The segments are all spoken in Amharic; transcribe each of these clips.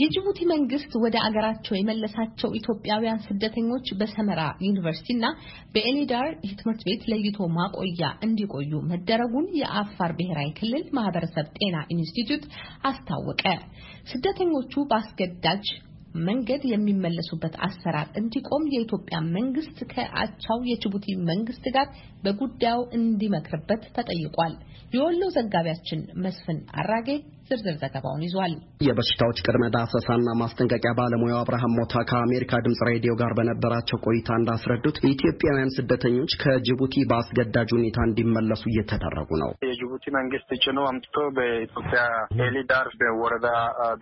የጅቡቲ መንግስት ወደ አገራቸው የመለሳቸው ኢትዮጵያውያን ስደተኞች በሰመራ ዩኒቨርሲቲና በኤሊዳር የትምህርት ቤት ለይቶ ማቆያ እንዲቆዩ መደረጉን የአፋር ብሔራዊ ክልል ማህበረሰብ ጤና ኢንስቲትዩት አስታወቀ። ስደተኞቹ በአስገዳጅ መንገድ የሚመለሱበት አሰራር እንዲቆም የኢትዮጵያ መንግስት ከአቻው የጅቡቲ መንግስት ጋር በጉዳዩ እንዲመክርበት ተጠይቋል። የወሎ ዘጋቢያችን መስፍን አራጌ ዝርዝር ዘገባውን ይዟል። የበሽታዎች ቅድመ ዳሰሳና ማስጠንቀቂያ ባለሙያው አብርሃም ሞታ ከአሜሪካ ድምጽ ሬዲዮ ጋር በነበራቸው ቆይታ እንዳስረዱት ኢትዮጵያውያን ስደተኞች ከጅቡቲ በአስገዳጅ ሁኔታ እንዲመለሱ እየተደረጉ ነው። የጅቡቲ መንግስት ጭኖ አምጥቶ በኢትዮጵያ ኤሊዳር ወረዳ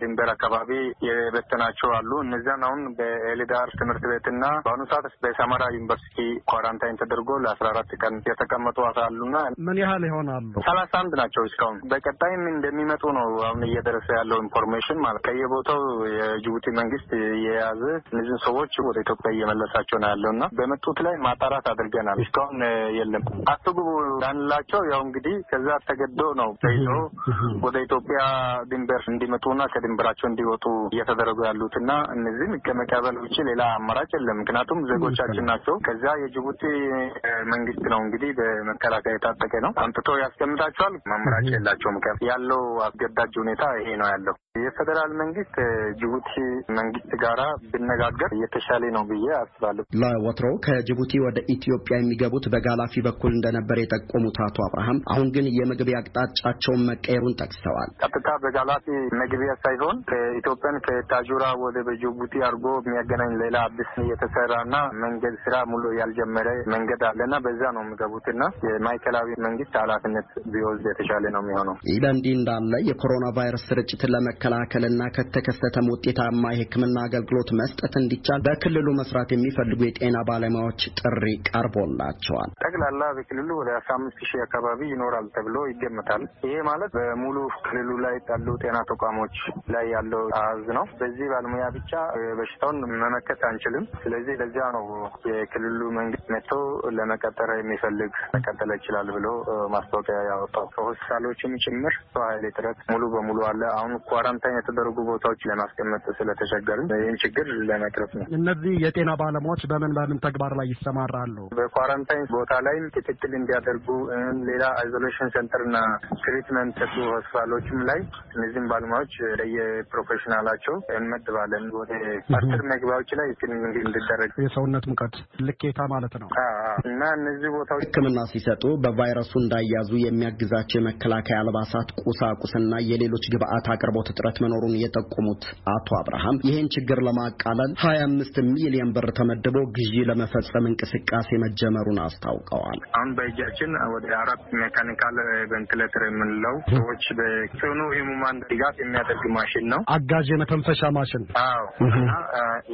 ድንበር አካባቢ የበተናቸው አሉ። እነዚያን አሁን በኤሊዳር ትምህርት ቤትና በአሁኑ ሰዓት በሰመራ ዩኒቨርሲቲ ኳራንታይን ተደርጎ ለአስራ አራት ቀን የተቀመጡ አሉና ምን ያህል ይሆናሉ? ሰላሳ አንድ ናቸው እስካሁን። በቀጣይም እንደሚመጡ ነው አሁን እየደረሰ ያለው ኢንፎርሜሽን ማለት ከየቦታው የጅቡቲ መንግስት የያዘ እነዚህን ሰዎች ወደ ኢትዮጵያ እየመለሳቸው ነው ያለው እና በመጡት ላይ ማጣራት አድርገናል። እስካሁን የለም አትግቡ ላንላቸው ያው እንግዲህ ከዛ ተገዶ ነው ተይዞ ወደ ኢትዮጵያ ድንበር እንዲመጡና ከድንበራቸው እንዲወጡ እየተደረጉ ያሉትና እነዚህም ከመቀበል ውጭ ሌላ አማራጭ የለም። ምክንያቱም ዜጎቻችን ናቸው። ከዚያ የጅቡቲ መንግስት ነው እንግዲህ በመከላከያ የታጠቀ ነው አምጥቶ ያስቀምጣቸዋል። አማራጭ የላቸውም። ያለው አስገዳጅ ሁኔታ ይሄ ነው ያለው። የፌዴራል መንግስት ጅቡቲ መንግስት ጋራ ብነጋገር እየተሻለ ነው ብዬ አስባለሁ። ለወትሮ ከጅቡቲ ወደ ኢትዮጵያ የሚገቡት በጋላፊ በኩል እንደነበር የጠቆሙት አቶ አብርሃም አሁን ግን የመግቢያ አቅጣጫቸውን መቀየሩን ጠቅሰዋል። ቀጥታ በጋላፊ መግቢያ ሳይሆን ከኢትዮጵያን ከታጁራ ወደ ወደ በጅቡቲ አድርጎ የሚያገናኝ ሌላ አዲስ የተሰራና መንገድ ስራ ሙሉ ያልጀመረ መንገድ አለና በዛ ነው የሚገቡትና የማዕከላዊ መንግስት ኃላፊነት ቢወስድ የተሻለ ነው የሚሆነው። ይህ በእንዲህ እንዳለ የኮሮና ቫይረስ ስርጭትን ለመከላከልና ከተከሰተም ውጤታማ የሕክምና አገልግሎት መስጠት እንዲቻል በክልሉ መስራት የሚፈልጉ የጤና ባለሙያዎች ጥሪ ቀርቦላቸዋል። ጠቅላላ በክልሉ ወደ አስራ አምስት ሺህ አካባቢ ይኖራል ተብሎ ይገመታል። ይሄ ማለት በሙሉ ክልሉ ላይ ያሉ ጤና ተቋሞች ላይ ያለው አዝ ነው። በዚህ ባለሙያ መከላከያ ብቻ በሽታውን መመከት አንችልም። ስለዚህ ለዚያ ነው የክልሉ መንግስት መጥቶ ለመቀጠር የሚፈልግ መቀጠል ይችላል ብሎ ማስታወቂያ ያወጣው። ከሆስፒታሎችም ጭምር ኃይል እጥረት ሙሉ በሙሉ አለ። አሁን ኳራንታይን የተደረጉ ቦታዎች ለማስቀመጥ ስለተቸገርን ይህን ችግር ለመቅረፍ ነው። እነዚህ የጤና ባለሙያዎች በምን በምን ተግባር ላይ ይሰማራሉ? በኳራንታይን ቦታ ላይም ክትትል እንዲያደርጉ ሌላ አይዞሌሽን ሴንተርና ትሪትመንት ሰጡ ሆስፒታሎችም ላይ እነዚህም ባለሙያዎች ለየፕሮፌሽናላቸው እንመድባለን። እንችላለን። ወደ አስር መግቢያዎች ላይ እንድደረግ የሰውነት ሙቀት ልኬታ ማለት ነው እና እነዚህ ቦታዎች ሕክምና ሲሰጡ በቫይረሱ እንዳያዙ የሚያግዛቸው የመከላከያ አልባሳት፣ ቁሳቁስና የሌሎች ግብአት አቅርቦት እጥረት መኖሩን የጠቆሙት አቶ አብርሃም ይህን ችግር ለማቃለል ሀያ አምስት ሚሊዮን ብር ተመድቦ ግዢ ለመፈጸም እንቅስቃሴ መጀመሩን አስታውቀዋል። አሁን በእጃችን ወደ አራት ሜካኒካል ቬንትሌተር የምንለው ሰዎች በጽኑ ህሙማን ድጋፍ የሚያደርግ ማሽን ነው። አጋዥ የመተንፈሻ ማሽን አዎ እና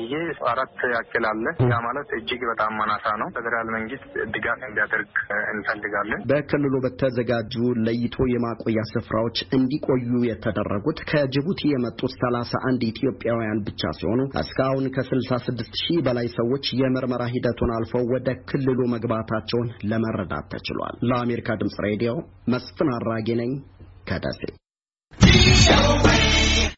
ይሄ አራት ያክል አለ። ያ ማለት እጅግ በጣም አናሳ ነው። ፌዴራል መንግስት ድጋፍ እንዲያደርግ እንፈልጋለን። በክልሉ በተዘጋጁ ለይቶ የማቆያ ስፍራዎች እንዲቆዩ የተደረጉት ከጅቡቲ የመጡት ሰላሳ አንድ ኢትዮጵያውያን ብቻ ሲሆኑ እስካሁን ከስልሳ ስድስት ሺህ በላይ ሰዎች የምርመራ ሂደቱን አልፈው ወደ ክልሉ መግባታቸውን ለመረዳት ተችሏል። ለአሜሪካ ድምጽ ሬዲዮ መስፍን አራጌ ነኝ ከደሴ።